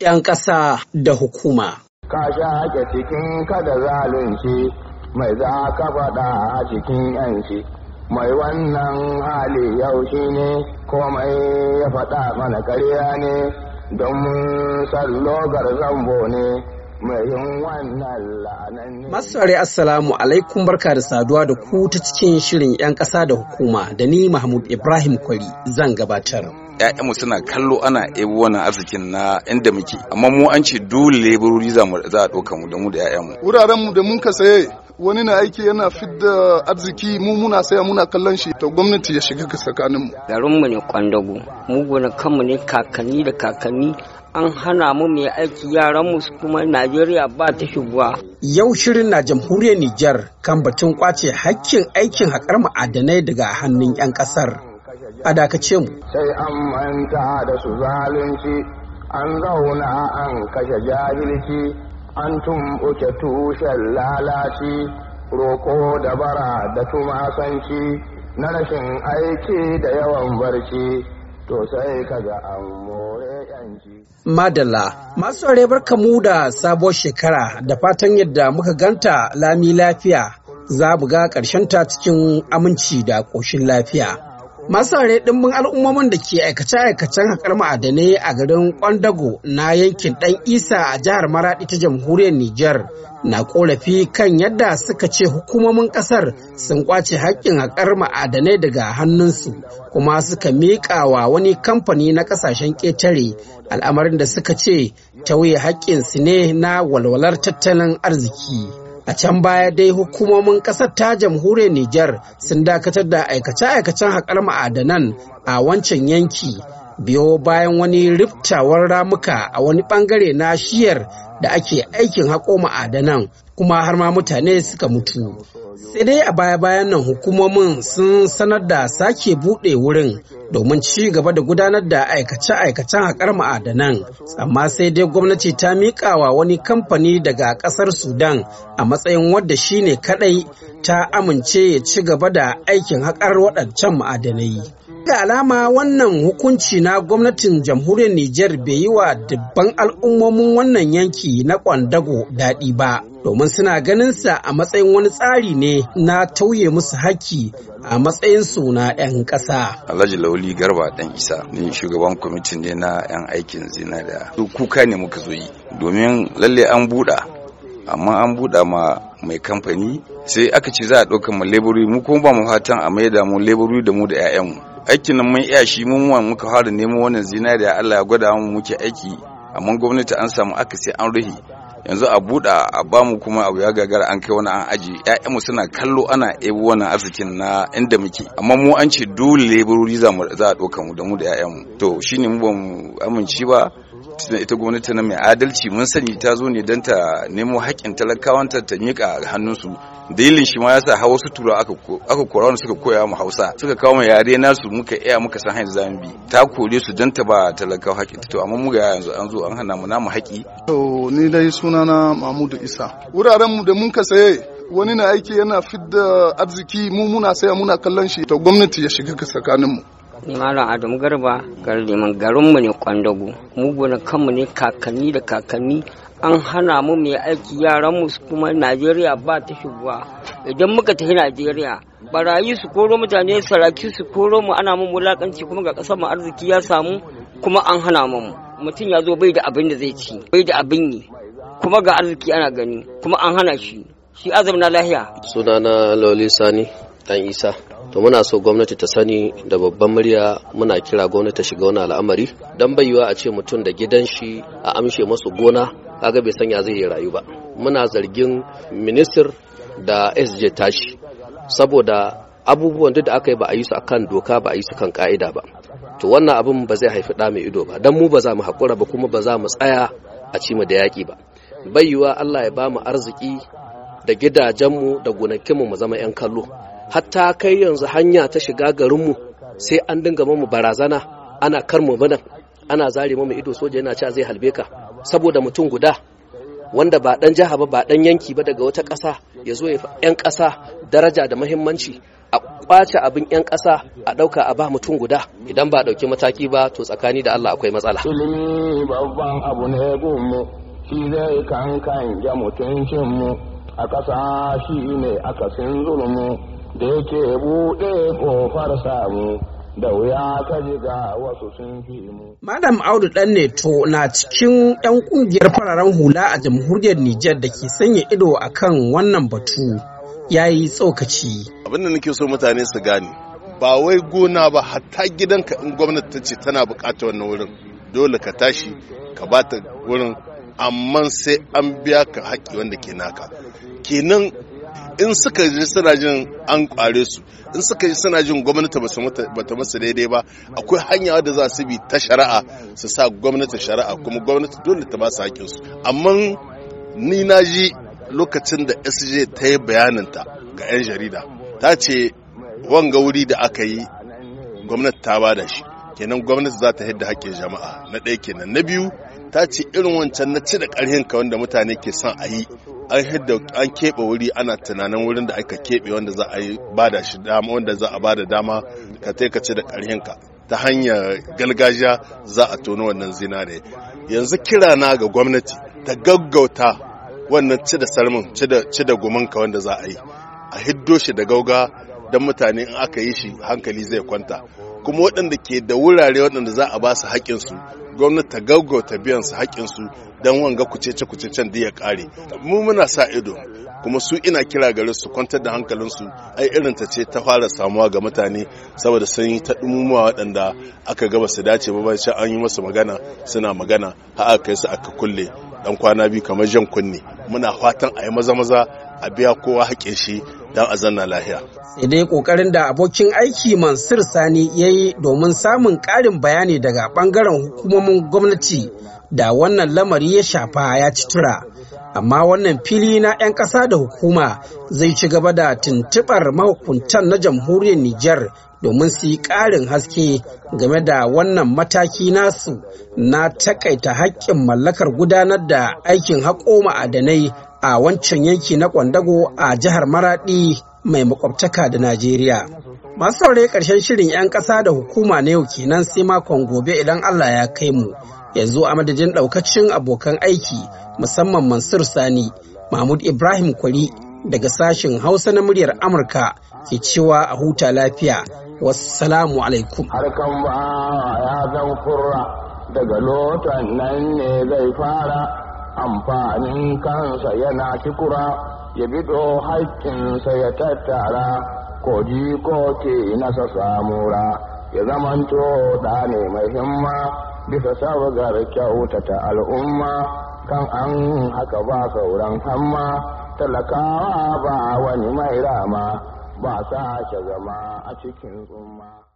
'yan ƙasa da hukuma. Ka sha ake cikin kada zalunci mai za ka faɗa a cikin 'yanci, mai wannan hali yau shi ne komai ya faɗa mana karya ne don mun sallogar zambo ne. Masare Assalamu alaikum barka da saduwa da ku ta cikin shirin 'yan ƙasa da hukuma da ni Mahmud Ibrahim Kwari zan gabatar. ƴaƴanmu suna kallo ana ebo wannan arzikin na inda muke amma mu an ce dole leburori za a ɗauka mu da mu da ƴaƴanmu wuraren mu da mun ka saye wani na aiki yana fidda arziki mu muna saya muna kallon shi to gwamnati ya shiga tsakanin mu garin mu ne kwandago mu gona kanmu ne kakanni da kakanni an hana mu mai aiki yaran mu kuma Najeriya ba ta shigowa yau shirin na jamhuriyar Nijar kan batun kwace hakkin aikin haƙar ma'adanai daga hannun 'yan ƙasar a dakace mu sai an manta da su zalunci an zauna an kashe jahilci an tumɓuke tushen lalaci roko da bara da tumasanci na rashin aiki da yawan barci to sai ga an more Madalla, masu ware kamu da sabuwar shekara da fatan yadda muka ganta lami lafiya za mu ga ƙarshenta cikin aminci da ƙoshin lafiya. Masu Masare ɗimbin al'ummomin da ke aikace-aikacen haƙar ma'adanai a garin Kwandago na yankin ɗan Isa a jihar Maraɗi ta jamhuriyar Niger, na ƙorafi kan yadda suka ce hukumomin ƙasar sun ƙwace haƙƙin haƙar ma'adanai daga hannunsu kuma suka miƙa wa wani kamfani na ƙasashen ƙetare al'amarin da suka ce tauye haƙƙinsu ne na walwalar tattalin arziki. A can baya dai hukumomin ƙasar ta jamhuriyar Nijar sun dakatar da aikace-aikacen haƙar ma'adanan a wancan yanki biyo bayan wani riftawar ramuka a wani bangare na shiyar da ake aikin haƙo ma'adanan kuma har ma mutane suka mutu sai dai a baya-bayan nan hukumomin sun sanar da sake buɗe wurin domin ci gaba da gudanar da aikace-aikacen haƙar ma'adanan amma sai dai gwamnati ta miƙawa wani kamfani daga ƙasar sudan a matsayin wadda shine kaɗai ta amince ya ci gaba da aikin haƙar waɗancan ma'adanai da alama wannan hukunci na gwamnatin jamhuriyar Nijar bai yi wa dubban al'ummomin wannan yanki na kwandago daɗi ba. Domin suna ganinsa a matsayin wani tsari ne na tauye musu haƙƙi a matsayin suna 'yan ƙasa. Alhaji Lauli Garba ɗan Isa ne shugaban kwamitin ne na 'yan aikin zinariya. Duk kuka ne muka zo yi domin lalle an buɗa amma an buɗa ma mai kamfani sai aka ce za a ɗauka mu leburi mu kuma ba mu fatan a maida mu leburi da mu da 'ya'yanmu aikin nan mun iya shi mun muka fara nemo wannan zinariya Allah ya gwada mu muke aiki amma gwamnati an samu akasi an ruhi yanzu a buɗa a bamu kuma abu ya gagara an kai wani an aji ƴaƴanmu suna kallo ana ebo wannan arzikin na inda muke amma mu an ce dole leburori za a ɗauka mu da mu da ƴaƴanmu to shine mu ba mu amince ba tunda ita gwamnati na mai adalci mun sani ta zo ne don ta nemo haƙƙin talakawanta ta miƙa hannunsu dalilin shi ma ya sa hawa su tura aka kora wani suka koya mu hausa suka kawo mu yare nasu muka iya muka san hanyar zamu bi ta kore su don ta ba talakawa haƙƙin to amma mu ga yanzu an zo an hana mu namu haƙƙi. to ni dai sunana mahmudu isa wuraren mu da mun ka saye wani na aiki yana fidda arziki mu muna saya muna kallon shi to gwamnati ya shiga mu ni malam Adamu Garba garin liman garinmu ne Kwandago mu kanmu ne kakanni da kakanni an hana mu mai aiki yaran mu kuma Najeriya ba ta shigowa idan muka tafi Najeriya barayi su koro mutane saraki su koro mu ana mun wulakanci kuma ga kasar mu arziki ya samu kuma an hana mu mutum ya zo bai da abin da zai ci bai da abin yi kuma ga arziki ana gani kuma an hana shi shi azam na lahiya sunana Loli Sani dan Isa to muna so gwamnati ta sani da babban murya muna kira gwamnati ta shiga wani al'amari dan baiwa a ce mutum da gidan shi a amshe masu gona kaga bai sanya zai yi rayu ba muna zargin minister da sj tashi saboda abubuwan da aka yi ba a yi su akan doka ba a yi su kan ka'ida ba to wannan abin ba zai haifi da mai ido ba dan mu ba za mu haƙura ba kuma ba za mu tsaya a ci mu da yaƙi ba baiwa Allah ya ba mu arziki da gidajenmu da gonakinmu mu zama 'yan kallo hatta kai yanzu hanya ta shiga garinmu sai an dinga mamu barazana ana mu bana ana zare mamu ido soja yana cewa zai halbe ka saboda mutum guda wanda ba dan jiha ba ba dan yanki ba daga wata ƙasa ya zo ya yan ƙasa daraja da muhimmanci a kwace abin yan ƙasa a ɗauka a ba mutum guda idan ba ɗauki mataki ba to tsakani da Allah akwai matsala. Ilimi babban abu ne gumu shi zai kankan ya mutuncin mu a ƙasa shi ne da yake buɗe ƙofar samu da wuya ka ji ga wasu sun fi mu. Madam Audu ɗan Neto na cikin 'yan ƙungiyar fararen hula a jamhuriyar Nijar da ke sanya ido a kan wannan batu ya yi tsokaci. Abin da nake so mutane su gane ba wai gona ba hatta gidanka in gwamnati ta ce tana buƙatar wannan wurin dole ka tashi ka bata wurin amma sai an biya ka haƙƙi wanda ke naka kenan in suka ji suna jin an kware su in suka ji suna jin gwamnati ba ta masu daidai ba akwai hanya da za su bi ta shari'a su sa gwamnati shari'a kuma gwamnati dole ta ba su haƙƙin su amma ni na ji lokacin da SJ ta yi bayaninta ga 'yan jarida ta ce wanga wuri da aka yi gwamnati ta bada shi kenan gwamnati za ta hidda haƙƙin jama'a na ɗaya kenan na biyu ta ce irin wancan na ci da ƙarhin ka wanda mutane ke son a yi an hidda an keɓe wuri ana tunanin wurin da aka keɓe wanda za a yi bada shi dama wanda za a bada dama ka ka ce da ƙarhinka ta hanyar gargajiya za a tono wannan zinare yanzu kira na ga gwamnati ta gaggauta wannan ci da sarmin ci da gumanka wanda za a yi a hiddo shi da gauga don mutane in aka yi shi hankali zai kwanta kuma waɗanda ke da wurare waɗanda za a ba su haƙƙinsu gwamnati ta gaugauta biyan su haƙƙin su dan wanga kucece kucecen da ya ƙare mu muna sa ido kuma su ina kira gare su kwantar da hankalinsu ai irin ta ce ta fara samuwa ga mutane saboda sun yi ta dumuma waɗanda aka gaba su dace ba bayan an yi masa magana suna magana har aka kai su aka kulle dan kwana biyu kamar jan kunne muna fatan a yi maza maza a biya kowa haƙƙin shi don a zanna lahiya. Sai dai kokarin da abokin aiki Mansur Sani ya yi domin samun ƙarin bayani daga ɓangaren hukumomin gwamnati da wannan lamari ya shafa ya ci tura. Amma wannan fili na 'yan ƙasa da hukuma zai ci gaba da tuntuɓar mahukuntan na jamhuriyar Nijar domin su yi ƙarin haske game da wannan mataki nasu na takaita haƙƙin mallakar gudanar da aikin haƙo ma'adanai a wancan yanki na Kwandago a jihar Maradi mai makwabtaka da Najeriya. Masu saurayi ƙarshen shirin 'yan ƙasa da hukuma na yau kenan sai makon gobe idan Allah ya kai mu. Yanzu a madadin ɗaukacin abokan aiki musamman Mansur Sani, Mahmud Ibrahim Kwari daga sashen Hausa na muryar Amurka ke cewa a huta lafiya. Wassalamu alaikum. Harkar ba ya zan kurra daga lotan nan ne zai fara. amfanin kansa yana kikura ya bido haƙƙinsa ya tattara ko ko ke nasa samura ya zamanto da ne mai himma bisa sabgar kyautata al'umma kan an haka ba sauran hamma talakawa ba wani mai rama ba sa zama a cikin umma.